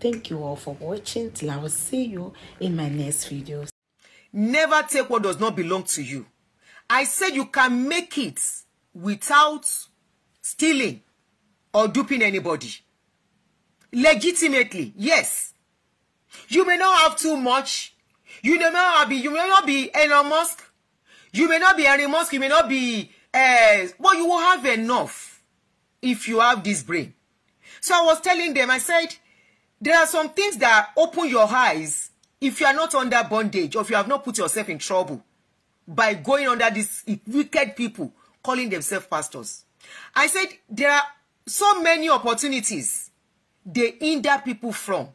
Thank you all for watching. Till I will see you in my next videos. Never take what does not belong to you. I said you can make it without stealing or duping anybody. Legitimately, yes. You may not have too much. You may not be, you may not be Elon Musk. You may not be Elon Musk. You may not be, uh, but you will have enough if you have this brain. So I was telling them, I said, there are some things that open your eyes if you are not under bondage or if you have not put yourself in trouble by going under these wicked people calling themselves pastors. I said there are so many opportunities they hinder people from.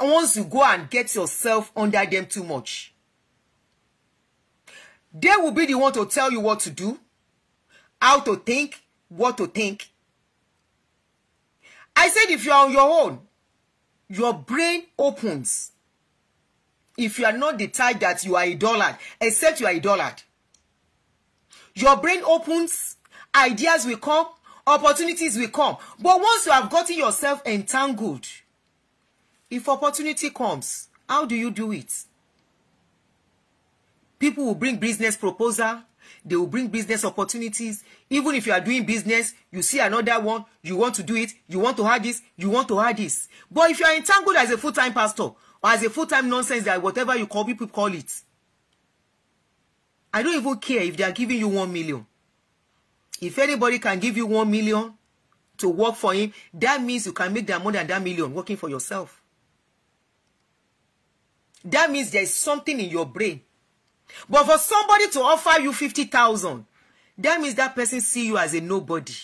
Once you go and get yourself under them too much, they will be the one to tell you what to do, how to think, what to think. I said if you are on your own, your brain opens if you are not the type that you are idolat except you are idolat your brain opens ideas will come opportunities will come but once you have gotten yourself entangled if opportunity comes how do you do it people will bring business proposal they will bring business opportunities even if you are doing business you see another one you want to do it you want to add this you want to add this but if you are entangled as a full-time pastor or as a full-time nonsense that whatever you call people call it i don't even care if they are giving you one million if anybody can give you one million to work for him that means you can make that more than that million working for yourself that means there is something in your brain but for somebody to offer you fifty thousand That means that person see you as a nobody.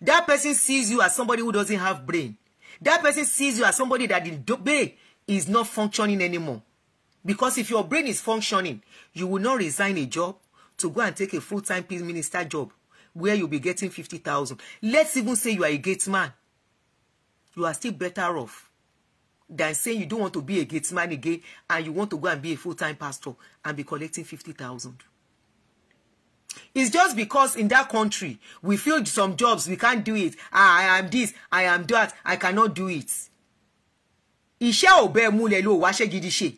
That person sees you as somebody who doesn't have brain. That person sees you as somebody that the Dobe is not functioning anymore. Because if your brain is functioning, you will not resign a job to go and take a full-time peace minister job where you'll be getting fifty thousand. Let's even say you are a gate man. You are still better off than saying you don't want to be a gate man again and you want to go and be a full-time pastor and be collecting fifty thousand. It's just because in that country we feel some jobs we can't do it. I, ah, I am this, I am that, I cannot do it. Iṣẹ́ ọ̀bẹ múlẹ̀ ló wá ṣe gidi ṣe.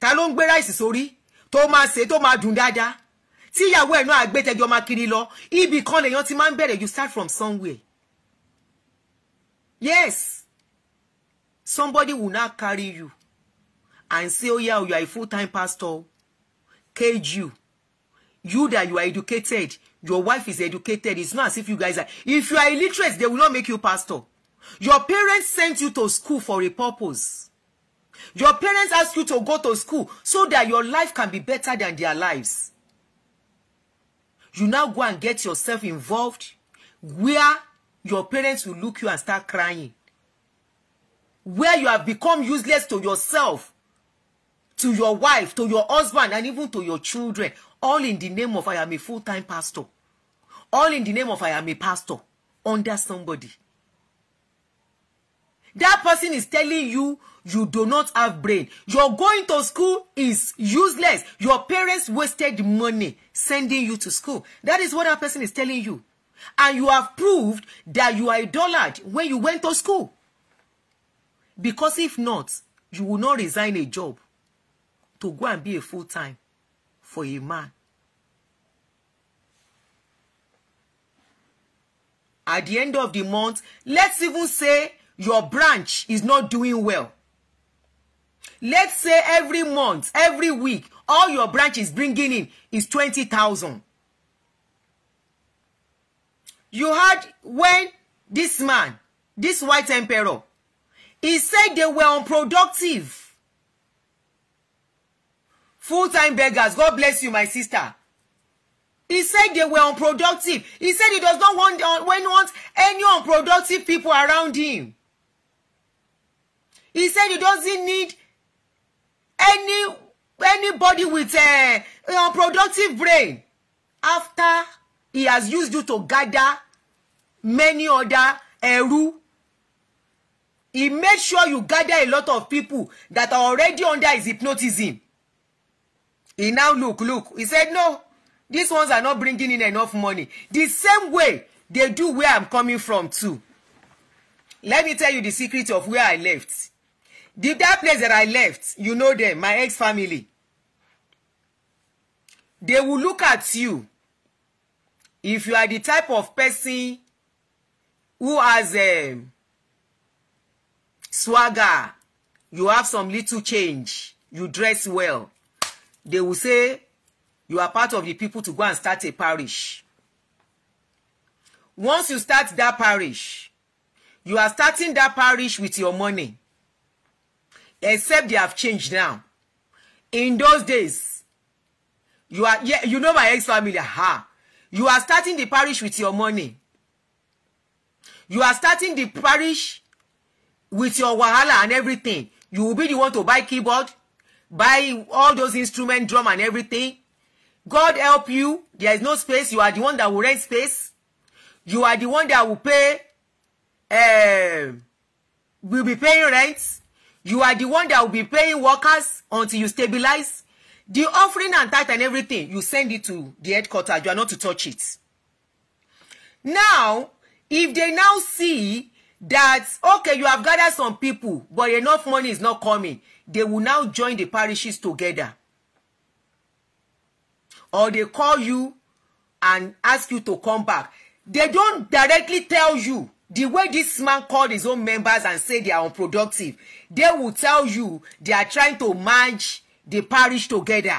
Ta ló ń gbé ráìsì sórí tó máa ṣe tó máa dùn dáadáa? Tí ìyàwó ẹ̀ náà àgbẹ̀tẹ̀jọ́ máa kiri lọ, ibì kan lèèyàn ti máa ń bẹ̀rẹ̀ you start from somewhere. Yes, somebody will not carry you and say, oh yeah, oh, you are a full-time pastor, cage you you that you are educated your wife is educated it's not as if you guys are if you are illiterate they will not make you pastor your parents sent you to school for a purpose your parents ask you to go to school so that your life can be better than their lives you now go and get yourself involved where your parents will look you and start crying where you have become useless to yourself to your wife to your husband and even to your children all in the name of I am a full-time pastor all in the name of I am a pastor under somebody that person is telling you you do not have brain your going to school is useless your parents wasted money sending you to school that is what that person is telling you and you have proved that you are idolatry when you went to school because if not you will not resign a job to go and be a full-time for a man. At the end of the month, let's even say your branch is not doing well. Let's say every month, every week, all your branch is bringing in is 20,000. You heard when this man, this white emperor, he said they were unproductive full-time beggars god bless you my sister he said they were unproductive he said he does not want, uh, want any unproductive people around him he said he doesn't need any anybody with a, uh, unproductive brain after he has used you to gather many other eru, he made sure you gather a lot of people that are already under his hypnotism He now look, look. He said, no, these ones are not bringing in enough money. The same way they do where I'm coming from too. Let me tell you the secret of where I left. The, that place that I left, you know them, my ex-family. They will look at you. If you are the type of person who has a um, swagger, you have some little change, you dress well, they will say you are part of the people to go and start a parish once you start that parish you are starting that parish with your money except they have changed now in those days you are yeah, you know my ex-family ha you are starting the parish with your money you are starting the parish with your wahala and everything you will be the one to buy keyboard buy all those instruments, drum and everything. God help you. There is no space. You are the one that will rent space. You are the one that will pay. Uh, will be paying rent. You are the one that will be paying workers until you stabilize. The offering and tithe and everything, you send it to the headquarters. You are not to touch it. Now, if they now see that, okay, you have gathered some people, but enough money is not coming they will now join the parishes together or they call you and ask you to come back they don't directly tell you the way this man called his own members and say they are unproductive they will tell you they are trying to merge the parish together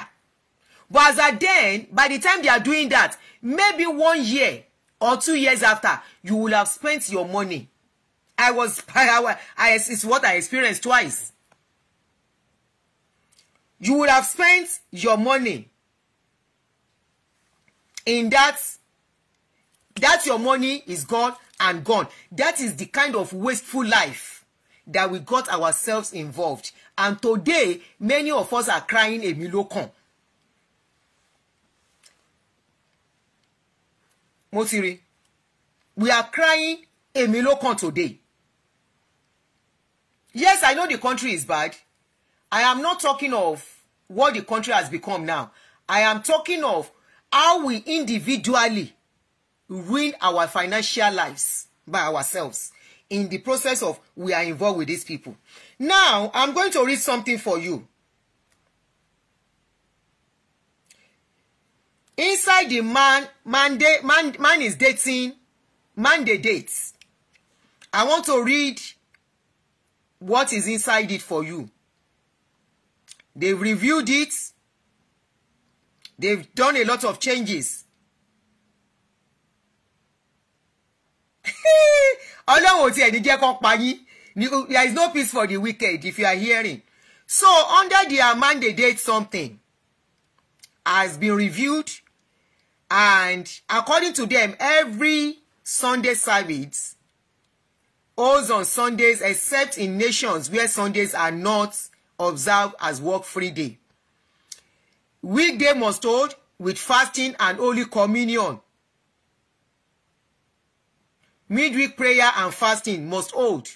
but as at then by the time they are doing that maybe one year or two years after you will have spent your money i was i, I it's what i experienced twice you would have spent your money in that that your money is gone and gone that is the kind of wasteful life that we got ourselves involved and today many of us are crying èmi ló kàn we are crying èmi ló today yes i know the country is bad I am not talking of what the country has become now. I am talking of how we individually ruin our financial lives by ourselves in the process of we are involved with these people. Now, I'm going to read something for you. Inside the man, man, de, man, man is dating, man they dates. I want to read what is inside it for you. They've reviewed it. They've done a lot of changes. Ọlọ́run ò tiẹ̀ jẹ́ kó pa yín. There is no peace for the wicked if you are hearing. So under their mandate something has been reviewed and according to them every Sunday service holds on Sundays except in nations where Sundays are not Observed as work-free day. Weekday must hold with fasting and holy communion. Midweek prayer and fasting must hold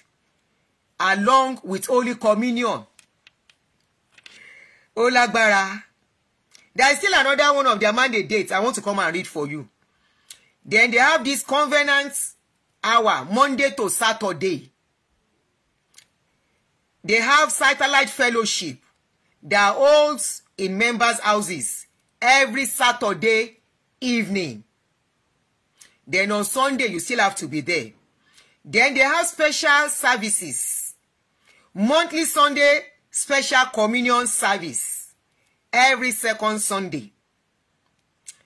along with holy communion. Ó lágbára. There is still another one of their mandate dates I want to come and read for you. Then they have this covenant hour Monday to Saturday. They have satellite fellowship They are holds in members' houses every Saturday evening. Then on Sunday, you still have to be there. Then they have special services. Monthly Sunday special communion service every second Sunday.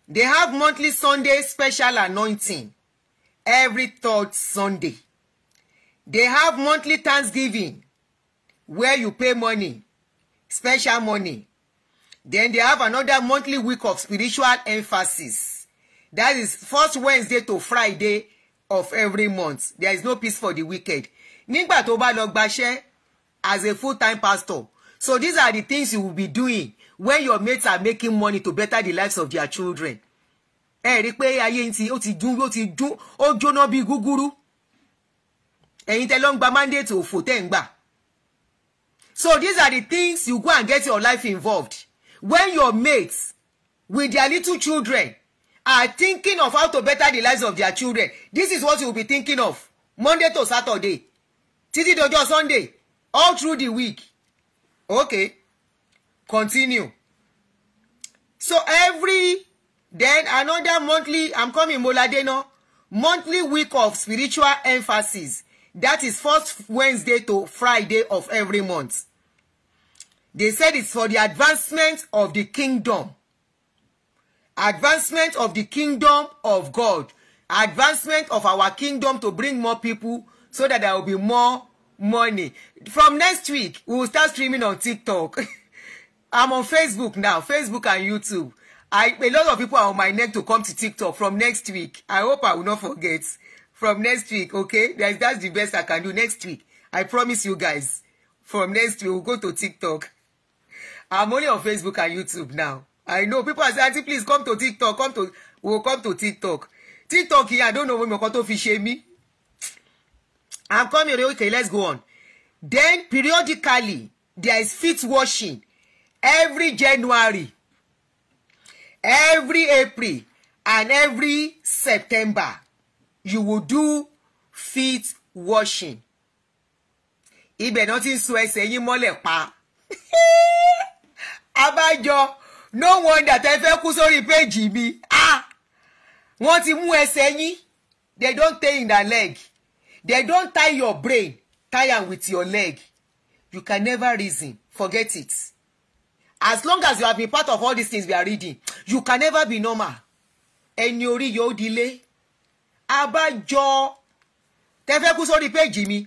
They have monthly Sunday special anointing every third Sunday. They have monthly Thanksgiving where you pay money special money then they have another monthly week of spiritual emphasis that is first Wednesday to Friday of every month there is no peace for the wicked nígbà tó bá lọ gbaṣẹ́ as a full-time pastor so these are the things you will be doing when your mates are making money to better the lives of their children ẹ rí i pé ayé ti ó ti dún ó ti dún ó jóná bí gúgúrú ẹ̀yin tẹ́ ló ń gba mandate òfò tẹ́ ń gbà So these are the things you go and get your life involved. When your mates with their little children are thinking of how to better the lives of their children, this is what you will be thinking of Monday to Saturday, títí to Sunday, all through the week. Okay, continue. So every then another monthly, I'm coming Moladeno, monthly week of spiritual emphasis. That is first Wednesday to Friday of every month. They said it's for the advancement of the kingdom. Advancement of the kingdom of God. Advancement of our kingdom to bring more people so that there will be more money. From next week, we will start streaming on TikTok. I'm on Facebook now, Facebook and YouTube. I, a lot of people are on my neck to come to TikTok from next week. I hope I will not forget from next week, okay? That's, that's the best I can do next week. I promise you guys, from next week, we'll go to TikTok. I'm only on Facebook and YouTube now. I know people are saying, please come to TikTok, come to, we'll come to TikTok. TikTok here, I don't know when my to fish me. I'm coming, okay, let's go on. Then, periodically, there is feet washing every January, every April, and every September you will do feet washing ibẹ̀ náà ti ń so ẹsẹ̀ yín mọ́lẹ̀ pa abájọ no wonder tẹ fẹ́ kú sórí péjì mi ah wọ́n ti mú ẹsẹ̀ yín they don tie in their leg they don tie your brain tie am with your leg you can never reason forget it as long as you have been part of all these things we are reading you can never be normal ẹni orí yóò dilé abájọ tẹ́fẹ́ kú sórí péjì mi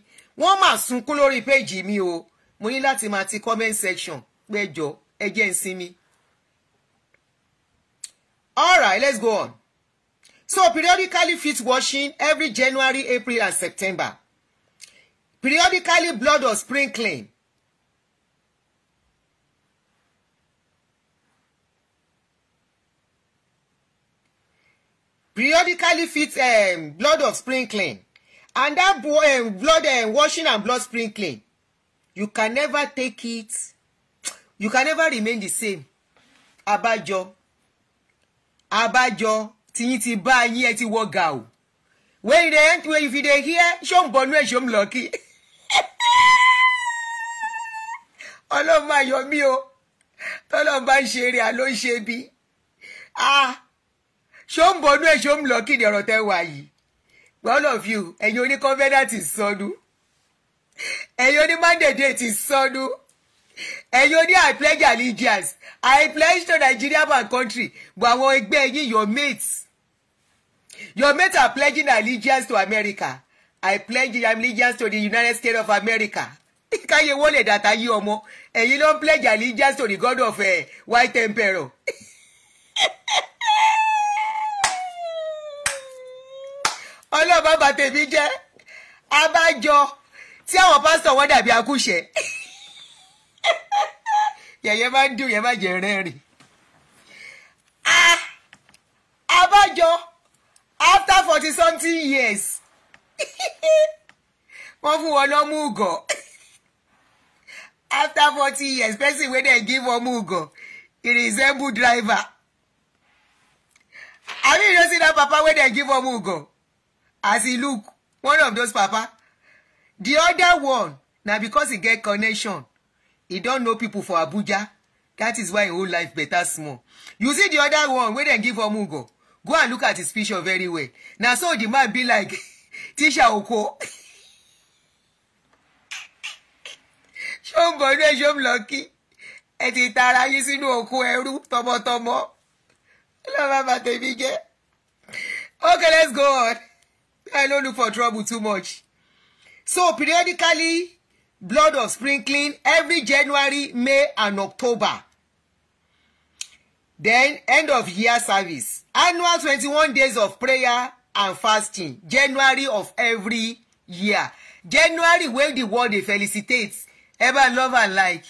wọ́n mà sunkún lórí péjì mi o mo ní láti máa ti comment section péjọ ẹ jẹ́ ń sinmi. alright let's go on. So periodically feet washing every January, April and September. Periodically blood or spring clean. periodically fit um, blood of sprinkling and that um, blood um, washing and blood sprinkling you can never take it you can never remain the same Abajo, abajo, tiyin ti bá yín ẹ ti wọ ga o when you dey when you fit dey hear ṣó ń bọnú ẹ ṣó ń lọ kí ọlọ́run máa yọ mí o tọ́lọ́run bá ń ṣe eré àló ń ṣe bí ah ṣó ń bọnú ẹ̀ ṣó ń lọ kí ni ọ̀rọ̀ tẹ́ wà yìí all of you ẹ̀yin oníkọ́fẹ́dà ti sọnù ẹ̀yin onímọ̀dẹ̀dẹ̀ ti sọnù ẹ̀yin oní I pledge allegiance I pledge to Nigeria my country but àwọn ẹgbẹ́ yín your mates your mates are pledging allegiance to America I pledge allegiance to the United States of America káyé wọlé dàtà yí ọmọ ẹ̀yin ló ń pledge allegiance to the God of uh, White Emperor. ọlọ́ọ̀bá bàtẹ́bí jẹ́ abájọ tí àwọn pásítọ̀ wọ́n dàbí akúṣẹ̀ yẹ̀yẹ́ máa ń dùn yẹn má jẹ́ rẹ́rìn. abájọ after forty something years wọ́n fún wọn lọ́mú ugọ̀ after forty years person wey dem give ọmú ugọ̀ he resemble driver. I mean, you see that papa wey dem give ọmú ugọ̀ as he look one of those papa the other one na because he get connection he don know people for abuja that is why him whole life better small you see the other one wey dem give omugo go and look at his picture very well na so the man be like tisha oko ṣọ́nbọ̀nú ẹ̀ ṣọ́n lọ́kì ẹ ti tara yín sínú oko ẹrú tọmọtọmọ lọ́ọ́ bá bàtẹ́bí jẹ́ okay let's go on. I don't look for trouble too much. So periodically, blood of sprinkling every January, May, and October. Then end of year service. Annual 21 days of prayer and fasting. January of every year. January wey the world they felicitate. Ever love and like.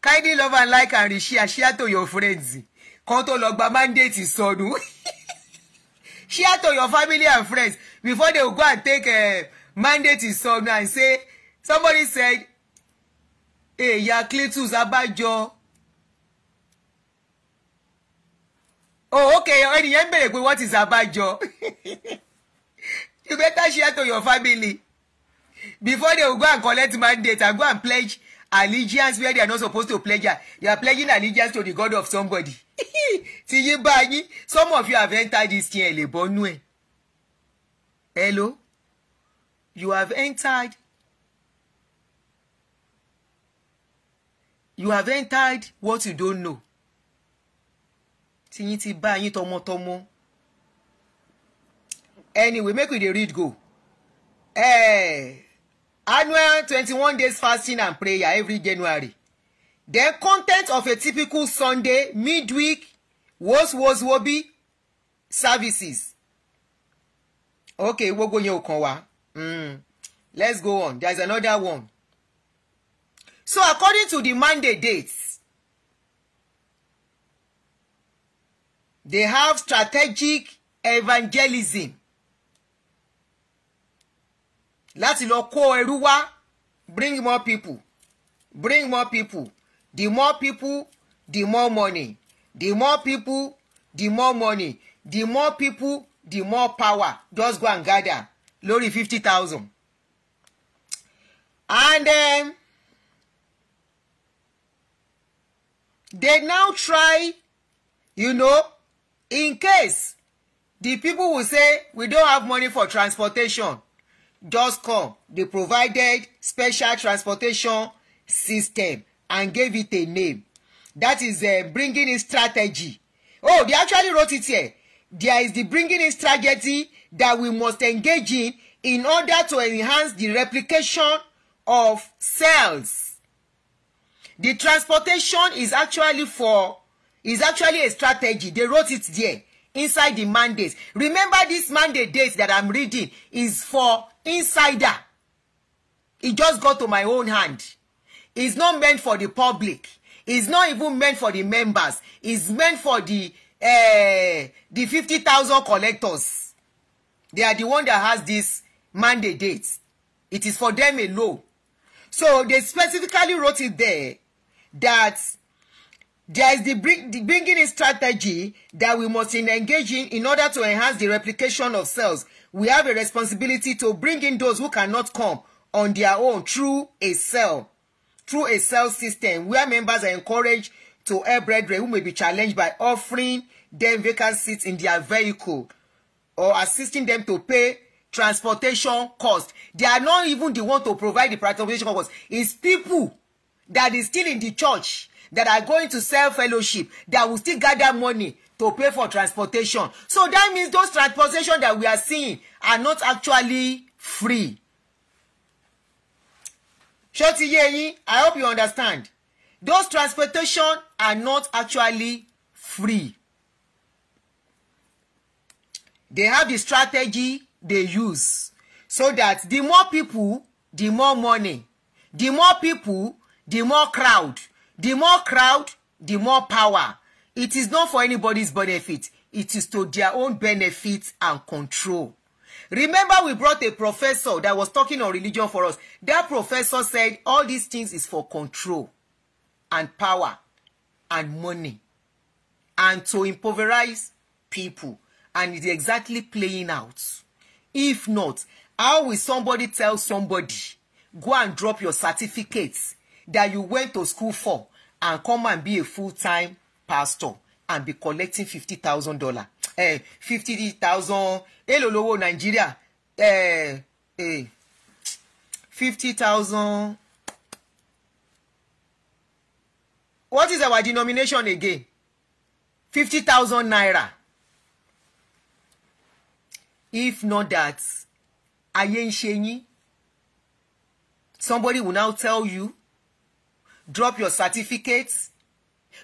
Kindly love and like and share share to your friends. Kan logba mandate is sodu share to your family and friends before they go and take a eh, mandate in some and say somebody said èèyàn clitus abájọ oh okay ènìyàn ń bèrè pé what is abájọ you better share to your family before they go and collect mandate and go and pledge allegiance where they are not supposed to pledge ah, You are pledging allegiance to the god of somebody ti yí bá yín some of you have entered this thing ẹ lè bọ́nú ẹ̀ hello you have entered you have entered what you don't know ti yín ti bá yín tọmọtọmọ anyway make we dey read go eh, annual twenty-one days fasting and prayer every January The content of a typical Sunday midweek was was wobi services. Okay, gbogbo yẹn ò kàn Mm. Let's go on. There's another one. So according to the mandate dates, they have strategic evangelism. Láti lọ kó ẹrú bring more people, bring more people the more people the more money the more people the more money the more people the more power just go and gather lórí fifty thousand and then um, they now try you know in case the people will say we don't have money for transportation just come they provided special transportation system and gave it a name that is uh, bringing in strategy oh they actually wrote it here there is the bringing in strategy that we must engage in in order to enhance the replication of cells the transportation is actually for is actually a strategy they wrote it there inside the mandate remember this mandate date that i'm reading is for insider It just got to my own hand It's not meant for the public. It's not even meant for the members. It's meant for the uh, the 50,000 collectors. They are the one that has this mandate date. It is for them alone. So they specifically wrote it there that there is the, bring, the bringing in strategy that we must engage in in order to enhance the replication of cells. We have a responsibility to bring in those who cannot come on their own through a cell through a cell system where members are encouraged to help brethren who may be challenged by offering them vacant seats in their vehicle or assisting them to pay transportation cost. They are not even the one to provide the transportation cost. It's people that is still in the church that are going to sell fellowship that will still gather money to pay for transportation. So that means those transportation that we are seeing are not actually free ṣó ti yé yín i hope you understand those transportation are not actually free they have the strategy they use so that the more people the more money the more people the more crowd the more crowd the more power it is not for anybody's benefit it is to their own benefit and control. Remember, we brought a professor that was talking on religion for us. That professor said all these things is for control and power and money and to impoverize people. And it's exactly playing out. If not, how will somebody tell somebody, go and drop your certificates that you went to school for and come and be a full-time pastor and be collecting $50,000? Eh, fifty thousand èlò lówó nàìjíríà eh, eh, fifty thousand what is our denomination again fifty thousand naira if not that ayé ń ṣe yín somebody will now tell you drop your certificate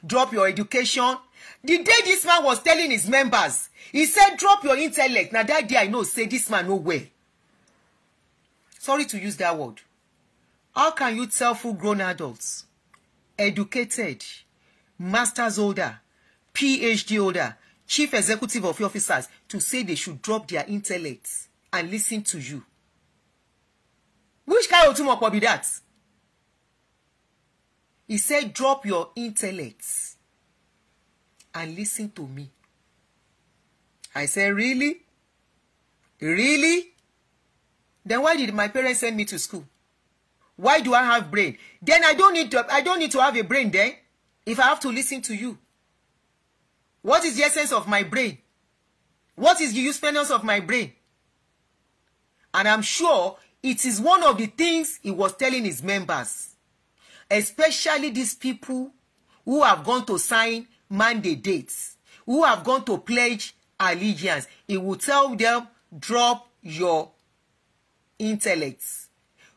drop your education the day this man was telling his members he said, drop your intellect na that day i know say this man no well sorry to use that word how can you tell full grown adults educated masters holder phd holder chief executive of officers to say they should drop their intellect and listen to you which kind of otumọpọ be that he said, drop your intellect and listen to me. I say, really? Really? Then why did my parents send me to school? Why do I have brain? Then I don't need to, I don't need to have a brain then if I have to listen to you. What is the essence of my brain? What is the usefulness of my brain? And I'm sure it is one of the things he was telling his members, especially these people who have gone to sign mandates who have gone to pledge allegiance he will tell them drop your intellect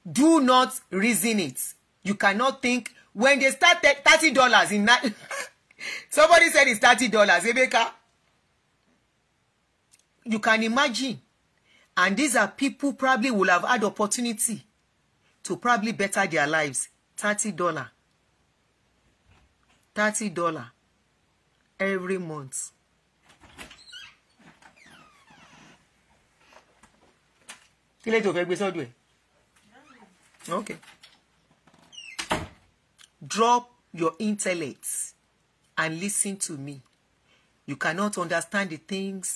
do not reason it you cannot think when they start thirty dollars in na somebody said it's thirty dollars Ebeka you can imagine and these are people probably will have had opportunity to probably better their lives thirty dollar thirty dollar every month. kí lẹ́yìn tó fẹ́ gbé sọ́dọ̀ okay drop your intellect and listen to me you cannot understand the things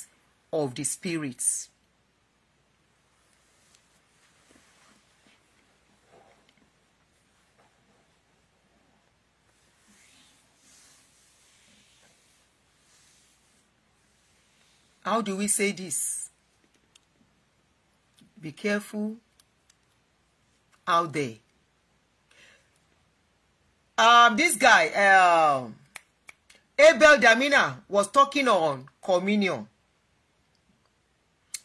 of the spirits. How do we say this? Be careful out there. Um, this guy, um, Abel Damina, was talking on communion.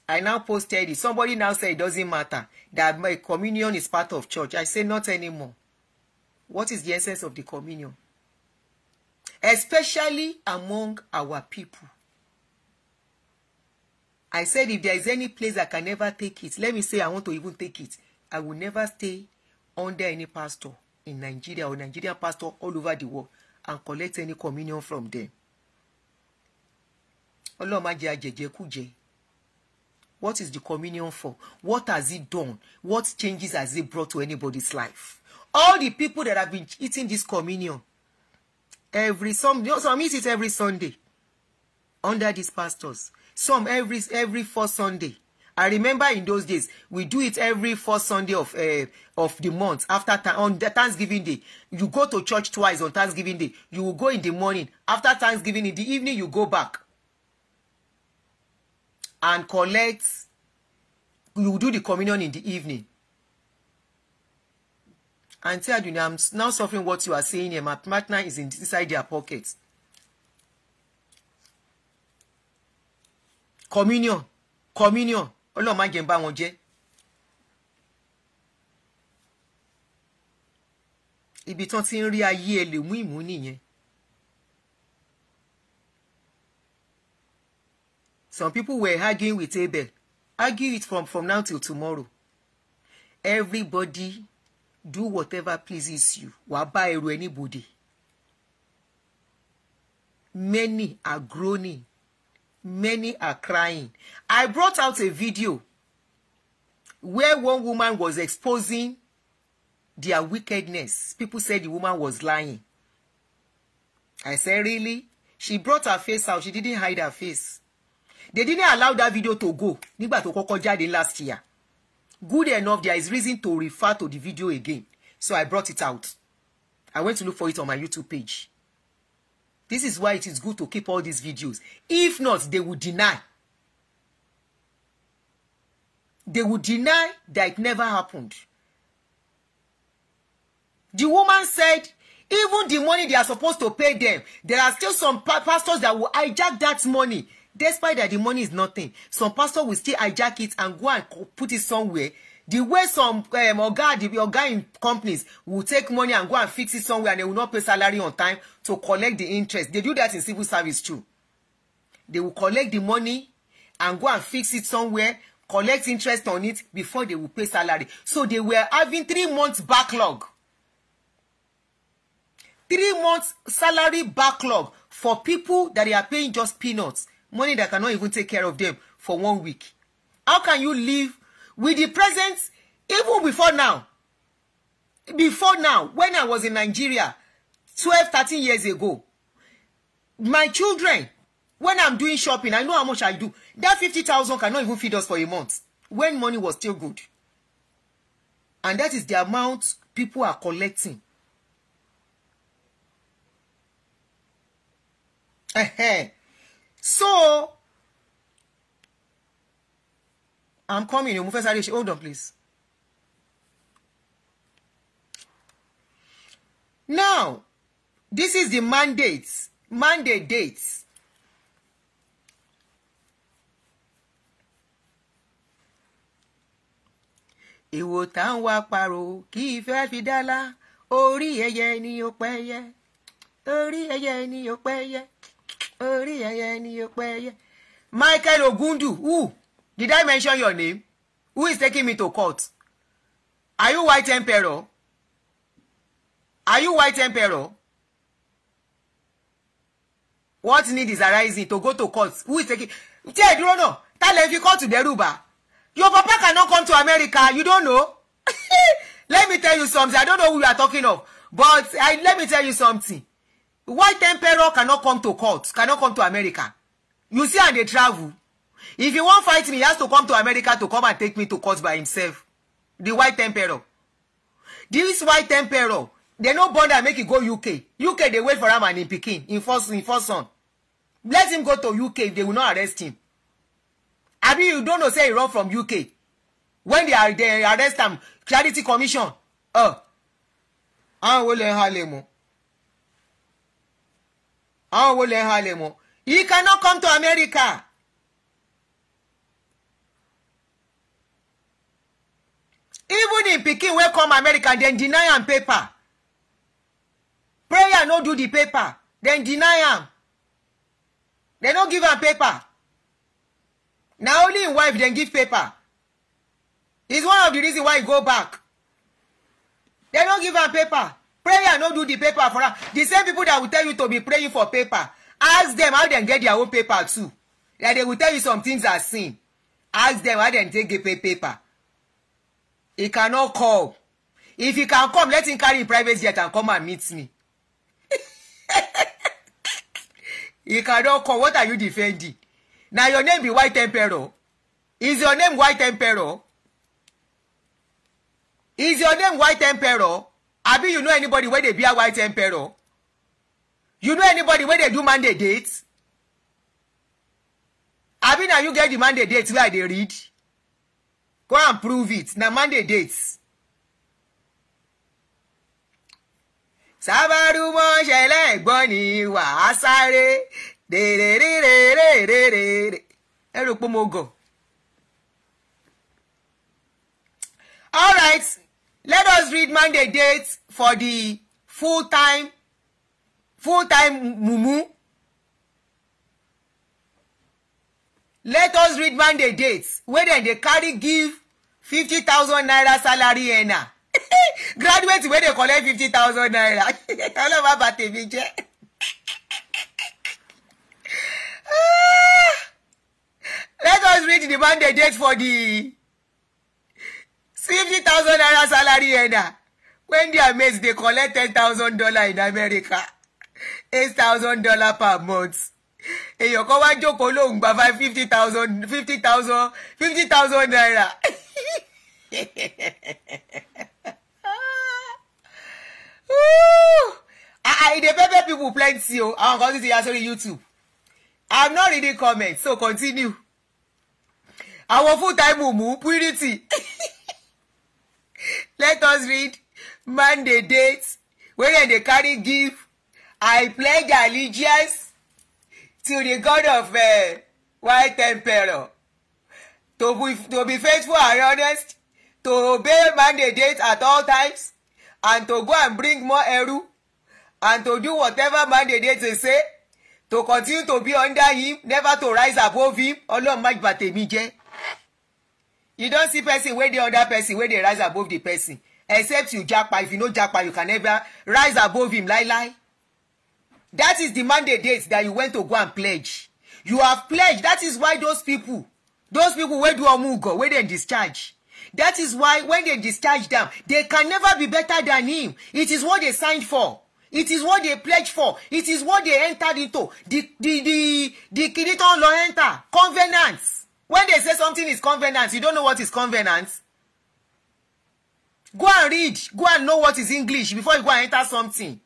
I now posted it. Somebody now said it doesn't matter that my communion is part of church. I say not anymore. What is the essence of the communion? Especially among our people. I said if there is any place I can never take it, let me say I want to even take it. I will never stay under any pastor in Nigeria or Nigerian pastor all over the world and collect any communion from them. Ọlọ́run má jẹ́ àjẹjẹkújẹ. What is the communion for? What has it done? What changes has it brought to anybody's life? All the people that have been eating this communion every some some eat it every Sunday under these pastors some every every first sunday i remember in those days we do it every first sunday of uh, of the month after th on thanksgiving day you go to church twice on thanksgiving day you go in the morning after thanksgiving in the evening you go back and collect you do the communion in the evening and tell you i'm now suffering what you are saying here my partner is inside their pocket communion communion ọlọ́run má jẹ́ ń bá wọn jẹ́ ibi tán ti ń rí ayé ẹ lè mú ìmú nìyẹn some people were arguing with Abel argue it from from now till tomorrow everybody do whatever pleases you wàá bá ẹrù ẹ níbodè many are groaning many are crying i brought out a video where one woman was exposing their wickedness people said the woman was lying i said really she brought her face out she didn't hide her face they didn't allow that video to go nígbà tó kọ́kọ́ jáde last year good enough there is reason to refer to the video again so i brought it out i went to look for it on my youtube page This is why it is good to keep all these videos. If not, they would deny. They would deny that it never happened. The woman said, even the money they are supposed to pay them, there are still some pa pastors that will hijack that money. Despite that the money is nothing, some pastor will still hijack it and go and put it somewhere the way some um, oga the oga in companies will take money and go and fix it somewhere and they will not pay salary on time to collect the interest they do that in civil service too they will collect the money and go and fix it somewhere collect interest on it before they will pay salary so they were having three months backlog three months salary backlog for people that they are paying just peanuts money that cannot even take care of them for one week how can you live with the present, even before now, before now, when I was in Nigeria, 12, 13 years ago, my children, when I'm doing shopping, I know how much I do. That 50,000 cannot even feed us for a month when money was still good. And that is the amount people are collecting. so i'm coming o mo fẹ́ sáré ṣe hold on please. now this is the mandate mandate date. ìwò tá ń wá kì í fẹ́ fi dálá orí ẹyẹ ni ó pẹ́ yẹ orí ẹyẹ ni ó pẹ́ yẹ orí ẹyẹ ni ó pẹ́ yẹ Michael Ogundu wù. Did I mention your name? Who is taking me to court? Are you white emperor? Are you white emperor? What need is arising to go to court? Who is taking? Tell you dúró náà, ta lè fi kóòtù dẹ́rù bà? Your papa cannot come to America, you don't know? Let me tell you something, I don't know who you are talking of, but I, let me tell you something. White emperor cannot come to court, cannot come to America. You see how they travel if he wan fight me he has to come to America to come and take me to court by himself the white emperor this white emperor dem no born am make e go uk uk dey wait for am and im pikin im first im first son let him go to uk if they will not arrest him abi you don know say e run from uk when they, are they arrest am charity commission uh, àwọn wo lè ń halẹ̀ mọ́ àwọn wo lè ń halẹ̀ mọ́ he cannot come to America even in pikin wey come america dem deny am paper prayer no do di paper dem deny am dem no give am paper na only im wife dem give paper is one of the reason why e go back dem no give am paper prayer no do the paper for am the same people that will tell you to be praying for paper ask them how dem get their own paper too like they will tell you some things as sin ask them how dem take get paper He cannot come. If he can come, let him carry a private jet and come and meet me. he cannot come. What are you defending? Na your name be White Emperor. Is your name White Emperor? Is your name White Emperor? Abi you know anybody wey dey bear White Emperor? You know anybody wey dey do mandate date? Abi na you get the mandate date wey I dey read? go and prove it na monday dates. sábàrúmọ ṣẹlẹ̀ ẹ̀gbọ́n ni wà á sáré rèrèrèrèrèrèrè ẹ rò pé mo gọ̀. all right let us read monday dates for the full time full time mumu. let us read man the dates wey dem dey carry give fifty thousand naira salary earner graduate wey dey collect fifty thousand naira ọlọ́mọ bàtẹ́mi jẹ́. let us read the man the date for the fifty thousand naira salary earner when their mates dey collect ten thousand dollar in America eight thousand dollar per month èèyàn kan wá jókòó lóun gba five fifty thousand fifty thousand fifty thousand naira i dey pepper people plenty o oh. àwọn kan ti ti ya sórí youtube i'm not reading comments so continue àwọn full time mumu purity let us read Monday, date wey dem dey carry give i pledge allegiance to the God of uh, white emperor to be, to be faithful and honest to obey mandate at all times and to go and bring more eru and to do whatever mandate they say to continue to be under him never to rise above him ọlọ́run má gbà tèmi you don't see person where the other person where they rise above the person except you japa if you no japa you can never rise above him Lie lie that is the mandate that you went to go and pledge you have pledged that is why those people those people where do omugo Where they discharge that is why when they discharge them they can never be better than him it is what they signed for it is what they pledged for it is what they entered into the the the the kiniton law enter when they say something is covenant you don't know what is covenant go and read go and know what is english before you go and enter something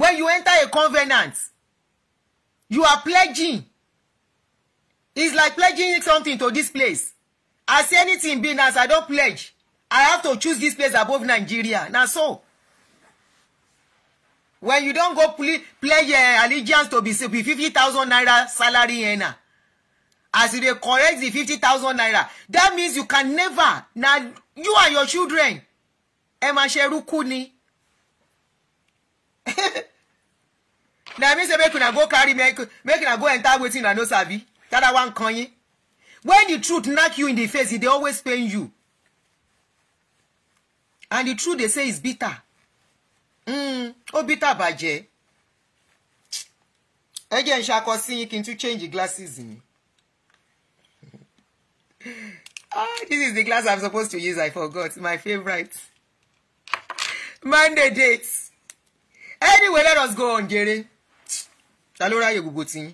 when you enter a covenant you are pledging it's like pledging something to this place as anything be as i don pledge i have to choose this place above nigeria na so when you don go pledge uh, allegiance to be be fifty thousand naira salary earner as you dey correct the fifty thousand naira that means you can never na you and your children Emma máa ni na mean say make una go carry make una go enter wetin una no sabi that one kanyin when the truth knack you in the face e dey always pain you and the truth dey say is bitter mm, ó bitter bàjẹ́ ẹ jẹ́ ń ṣakọ sí yín kí n tún change glasses mi ah this is the glass i'm supposed to use i forgot my favourite monday date anyway let us go on jere ta ló ráyè gbogbo tí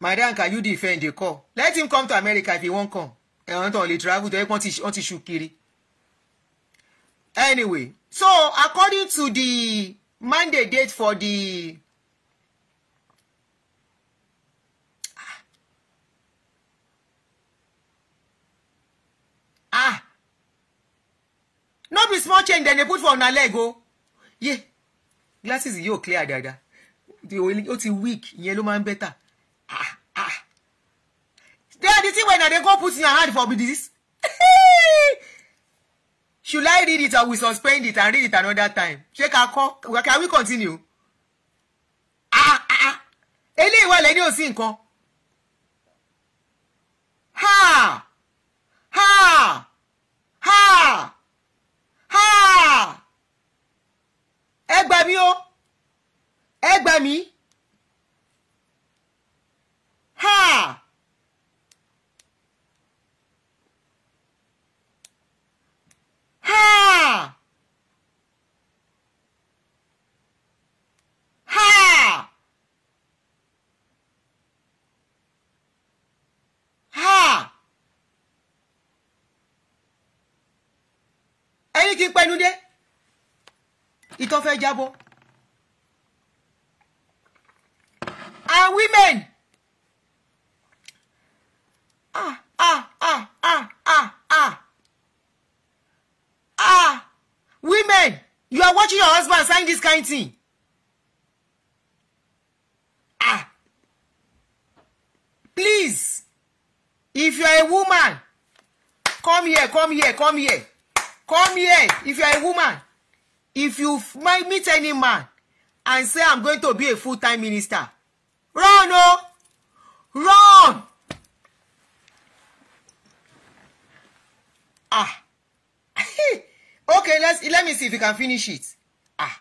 madam can you defend the call let him come to America if he wan come ẹ̀wọ̀n tó lè travel to yẹ kó wọ́n ti ṣu kiri anyway so according to the mandate date for the ah, ah! no be small change dem dey put for una leg o oh. yeah glasses yóò clear dáadáa ó ti weak ìyẹn ló máa ń better ah ah then the thing wey na dey go put your hand for this should I read it or we suspend it and read it another time ṣé ká kọ́ can we continue ah ah, ah. eléyìí wà lẹ́ni ò sí nǹkan ha ha ha. ẹ gbà mí o ẹ gbà mí ha. Ha! Ha! Ha! ẹni kí n pẹnu dé ìtọ́ fẹ́ jábọ́ and women ah ah ah ah ah ah ah women you are watching your husband sign this kind thing ah please if you are a woman come here come here come here come here if you are a woman if you might meet any man and say i'm going to be a full-time minister run o oh! run ah okay let's let me see if you can finish it ah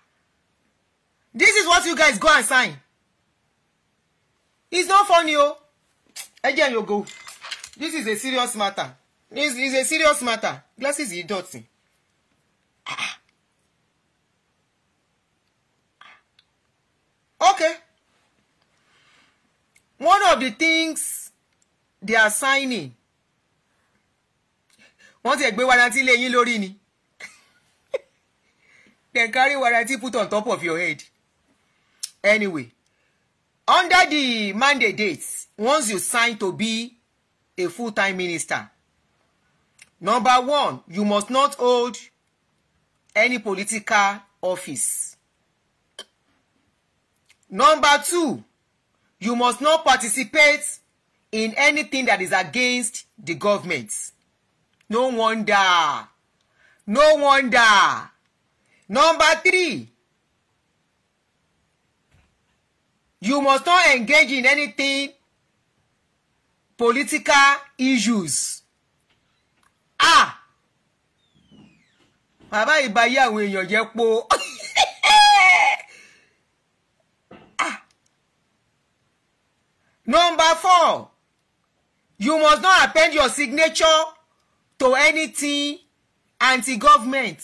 this is what you guys go and sign it's not funny o oh. ẹ jẹ́ go. this is a serious matter this is a serious matter glasses yìí dọ̀tí ah okay one of the things they are signing wọ́n ti gbé warranty lé yín lórí ni dem carry warranty put on top of your head anyway under the mandate dates once you sign to be a full-time minister number one you must not hold any political office Number two, you must not participate in anything that is against the government. No wonder. No wonder. Number three, you must not engage in anything political issues. Ah! Bàbá ìbáyé àwọn èèyàn jẹ́ po. Number four, you must not append your signature to anything anti-government.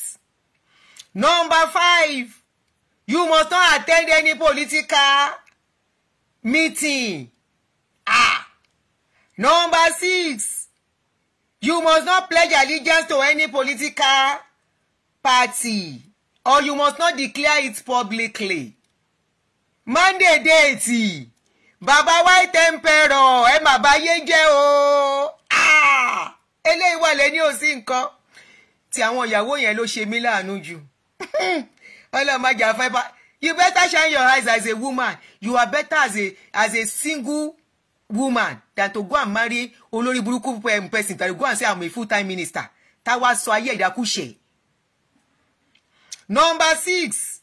Number five, you must not attend any political meeting. Ah. Number six, you must not pledge allegiance to any political party or you must not declare it publicly. Monday déètì bàbá white emperor ẹ mà bá yé jẹ́ o ah! eléyìí wà lẹ́ni ò sí nǹkan tí àwọn ìyàwó yẹn ló ṣe mí láàánú jù ọlọ́mọjà fẹ́fà you better shine your eyes as a woman you are better as a as a single woman than to go and marry olórí burúkú person than to go and say i'm a full time minister táwa sọ ayé ìdákúṣe. number six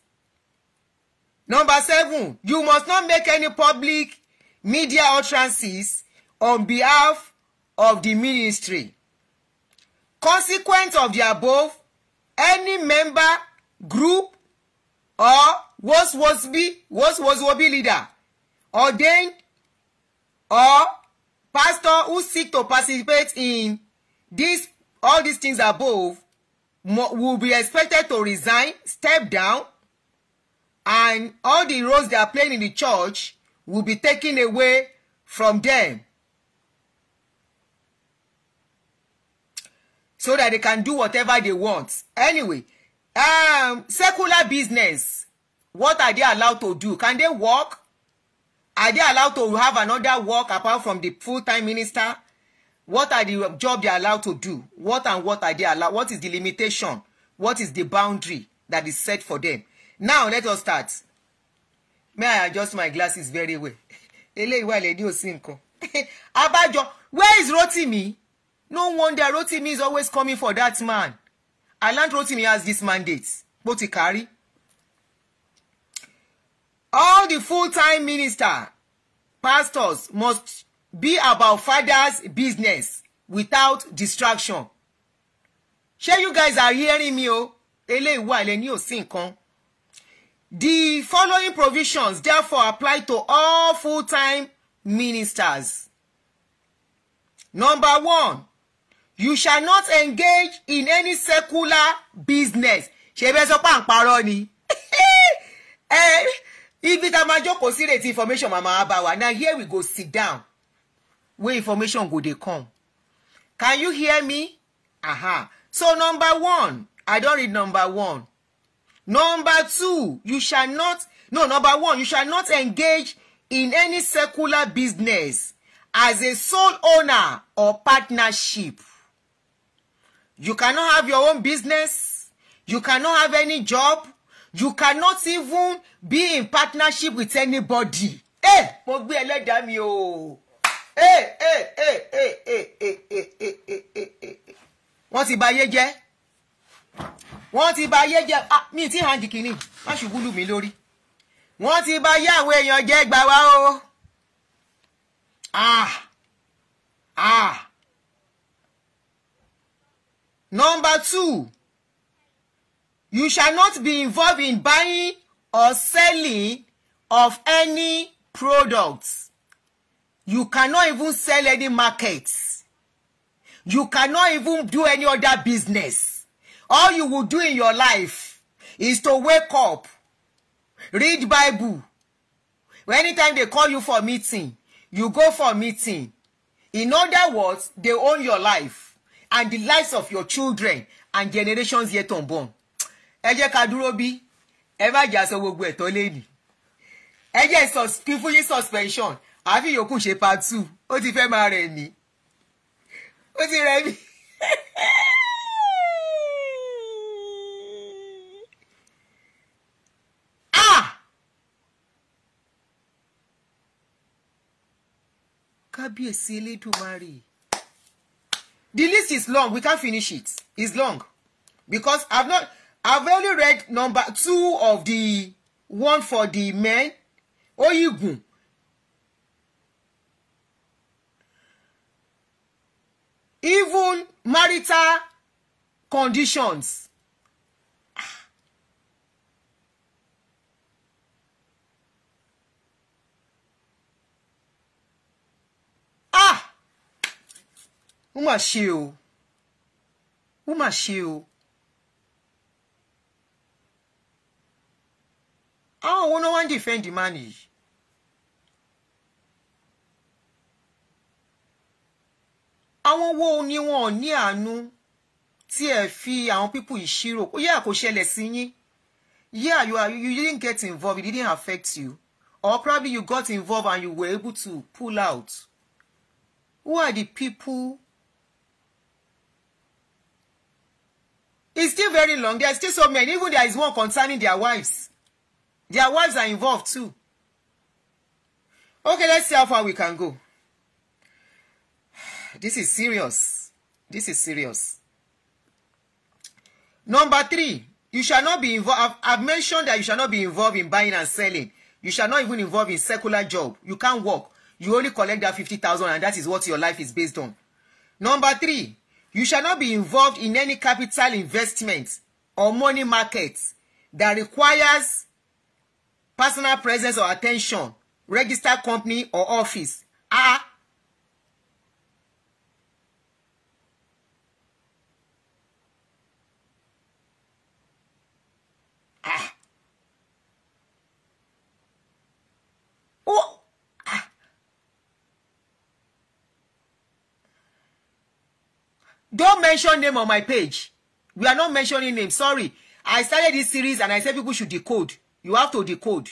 number seven you must not make any public media utterances on behalf of the ministry. Consequent of the above, any member, group, or was was be was was will be leader ordained or pastor who seek to participate in this all these things above will be expected to resign, step down, and all the roles they are playing in the church will be taken away from them so that they can do whatever they want anyway um, secular business what are they allowed to do can they work are they allowed to have another work apart from the full-time minister what are the job they allowed to do what and what are they allowed what is the limitation what is the boundary that is set for them now let us start may i adjust my glasses very well eléyìí wà lẹ́ni ò sí nǹkan abájọ where is Rotimi no wonder Rotimi is always coming for that man I aland Rotimi has this mandate bó ti kárí all the full-time minister pastors must be about father's business without distraction ṣé you guys are hearing me o eléyìí wà lẹ́ni ò sí nǹkan. The following provisions therefore apply to all full-time ministers. Number one, you shall not engage in any secular business. ṣe bẹ́ẹ̀ sọ pé à ń ni. Eh, ibi tá a máa jókòó sí retí information màmá wa now here we go sit down Where information go dey come. Can you hear me? Aha. So number one, I don read number one. Number two, you shall not, no, number one, you shall not engage in any secular business as a sole owner or partnership. You cannot have your own business. You cannot have any job. You cannot even be in partnership with anybody. Eh, mo gbé ẹlẹ́dàá mi o. Eh, eh, eh, eh, eh, eh, eh, eh, eh, eh. Wọ́n ti bà ayé jẹ́ wọ́n ti ba ayé jẹ́ ah, mi ti hàn jìkìnnì má ṣubú lù mí lórí wọ́n ti ba ayé àwọn èèyàn jẹ́ gbà wá o ah ah number two you shall not be involved in buying or selling of any products you cannot even sell any markets you cannot even do any other business all you will do in your life is to wake up read bible anytime they call you for meeting you go for meeting in other words they own your life and the lives of your children and generations yet unborn ẹ jẹ́ ká dúró bí ẹ má jà sọ gbogbo ẹ̀tọ́ lẹ́yìn ẹ jẹ́ fún yín suspension àfi yòókù ṣe part two ó ti fẹ́ máa rẹ̀ mí ó ti rẹ̀ mí. kábíyèsí elédùnmarè the list is long we can't finish it it's long because i've not i've only read number two of the one for the men oyigun even marital conditions ó mà ṣe o ó mà ṣe o àwọn owó náà wá ń dìfẹ́ǹdì máa nìyí. àwọn wo ni wọn ò ní àánú tí ẹ fi àwọn pípù ìṣirò ó yẹ kó ṣẹlẹ̀ sí yín yeah you are you didn't get involved it didn't affect you or probably you got involved and you were able to pull out who are the people It's still very long. There are still so many. Even there is one concerning their wives. Their wives are involved too. Okay, let's see how far we can go. This is serious. This is serious. Number three, you shall not be involved. I've, I've mentioned that you shall not be involved in buying and selling. You shall not even involve in secular job. You can't work. You only collect that 50,000 and that is what your life is based on. Number three, You shall not be involved in any capital investment or money market that requires personal presence or attention, registered company or office. Ah, ah. Oh, don't mention name on my page we are not mentioning name sorry i started this series and i said people should decode you have to decode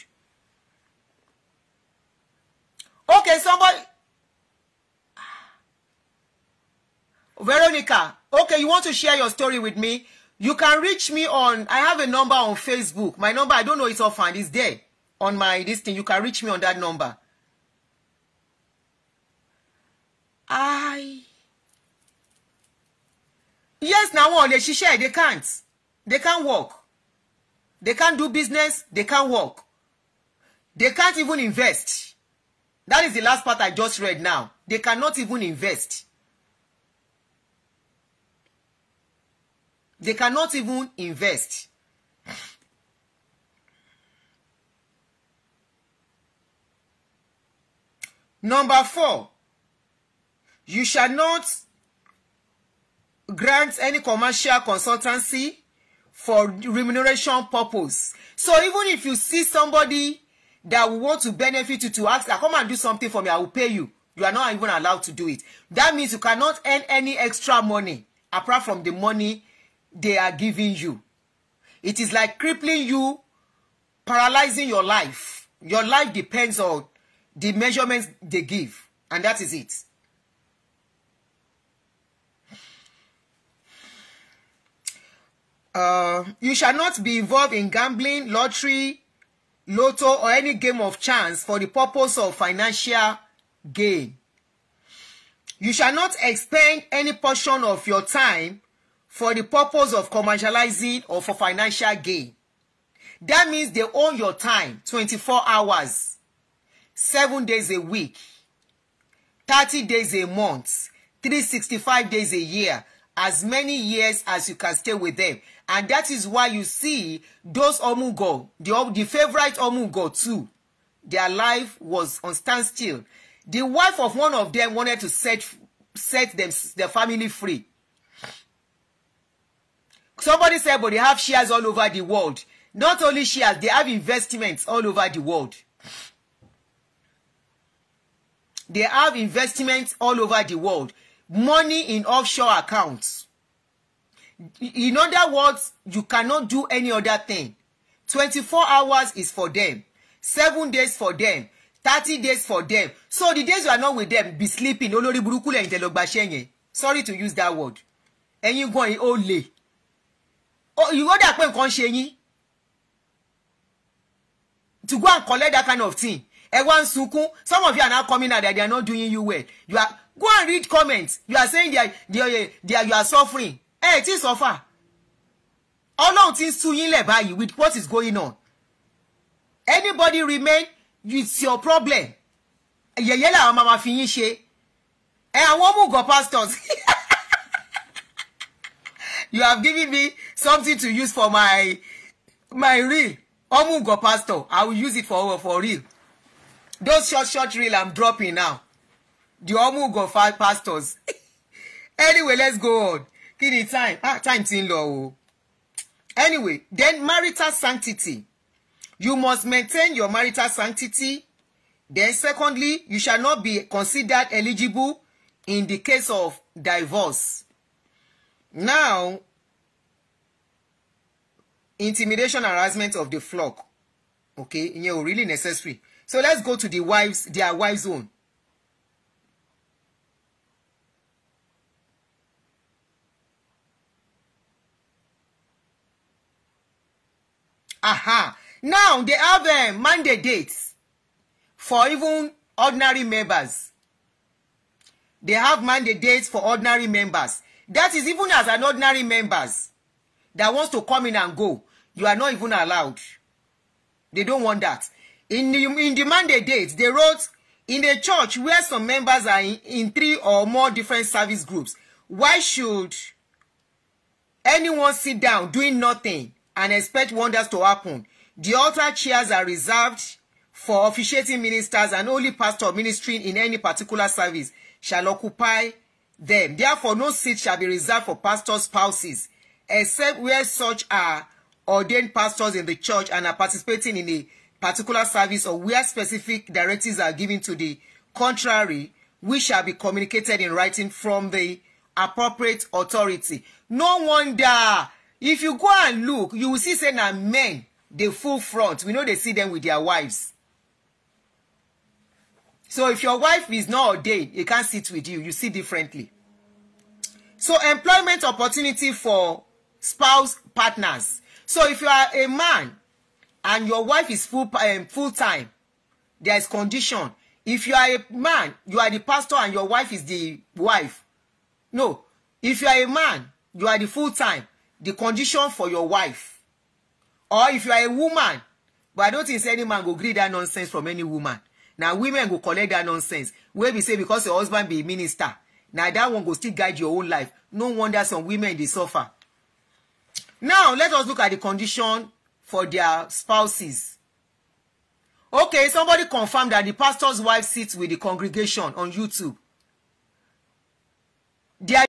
okay somebody veronica okay you want to share your story with me you can reach me on i have a number on facebook my number i don't know it's offhand it's there on my this thing you can reach me on that number i yes na wọn ò lè ṣiṣẹ́ they can't they can't work they can't do business they can't work they can't even invest that is the last part i just read now they cannot even invest they cannot even invest. Number four, you shall not grant any commercial consultancy for remuneration purpose. So even if you see somebody that will want to benefit you to ask, I come and do something for me, I will pay you. You are not even allowed to do it. That means you cannot earn any extra money apart from the money they are giving you. It is like crippling you, paralyzing your life. Your life depends on the measurements they give, and that is it. Uh, you shall not be involved in gambling, lottery, lotto, or any game of chance for the purpose of financial gain. You shall not expend any portion of your time for the purpose of commercializing or for financial gain. That means they own your time 24 hours, seven days a week, 30 days a month, 365 days a year, as many years as you can stay with them. And that is why you see those Omugo, the, the favorite Omugo too, their life was on standstill. The wife of one of them wanted to set, set them, their family free. Somebody said, but they have shares all over the world. Not only shares, they have investments all over the world. They have investments all over the world. Money in offshore accounts in other words you cannot do any other thing twenty-four hours is for them seven days for them thirty days for them so the days you are not with them be sleeping olórí burúkú lẹ́yìn tẹ́ lọ gbaṣẹ́ yẹn sorry to use that word ẹ̀yin gan yìí ó lè ìwọ dà pé nǹkan ṣe yín to go and collect that kind of thing ẹ wá ń some of you are now coming out that they are not doing you well you are go and read comments you are saying they are they are, they are you are suffering ẹ tí ì sọ́fà ọlọ́run ti ń tú yín lẹ̀ báyìí with what is going on anybody remain with your problem yẹ̀yẹ́ làwọn máa ma fi yín ṣe ẹ àwọn mùgọ̀ pastors you have given me something to use for my my reel ọmùgọ̀ pastor i will use it for for reel those short short reel i'm dropping now the ọmùgọ̀ pastors anyway let's go on kí ni time ah time ti ń lọ o anyway then marital sanctity you must maintain your marital sanctity then secondly you shall not be considered eligible in the case of divorce now intimidation harassment of the flock okay ìyẹn ò really necessary so let's go to the wives their wives own Aha. Now they have a eh, mandate dates for even ordinary members. They have mandate dates for ordinary members. That is even as an ordinary members that wants to come in and go. You are not even allowed. They don't want that. In the, in the mandate dates, they wrote in a church where some members are in, in three or more different service groups. Why should anyone sit down doing nothing and expect wonders to happen. The altar chairs are reserved for officiating ministers and only pastor ministering in any particular service shall occupy them. Therefore, no seat shall be reserved for pastors' spouses, except where such are ordained pastors in the church and are participating in a particular service or where specific directives are given to the contrary, which shall be communicated in writing from the appropriate authority. No wonder if you go and look you will see say na men dey full front we no dey see them with their wives so if your wife is not ordained e can sit with you you see differently so employment opportunity for spouse partners so if you are a man and your wife is full um, full time there is condition if you are a man you are the pastor and your wife is the wife no if you are a man you are the full time the condition for your wife or if you are a woman but i don't think any man go gree that nonsense from any woman na women go collect that nonsense wey be say because your husband be minister na that one go still guide your own life no wonder some women dey suffer now let us look at the condition for their spouses okay somebody confirm that the pastor's wife sits with the congregation on youtube their